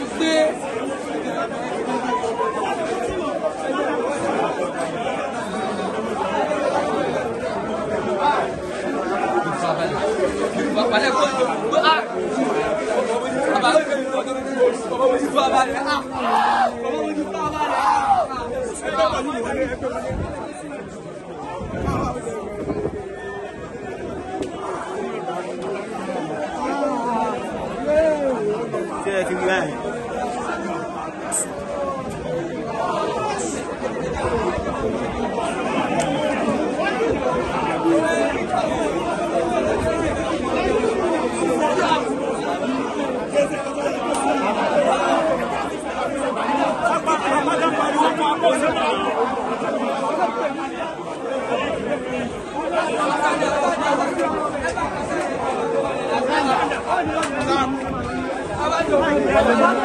gbé. balẹ̀ kó tó gbé a bàbá mi fẹ́ tó tó tó bàbá mi ti fún abalẹ̀ a bàbá mi ti fún abalẹ̀ a. bẹ́ẹ̀ ti rí báyìí. Thank you. Thank you.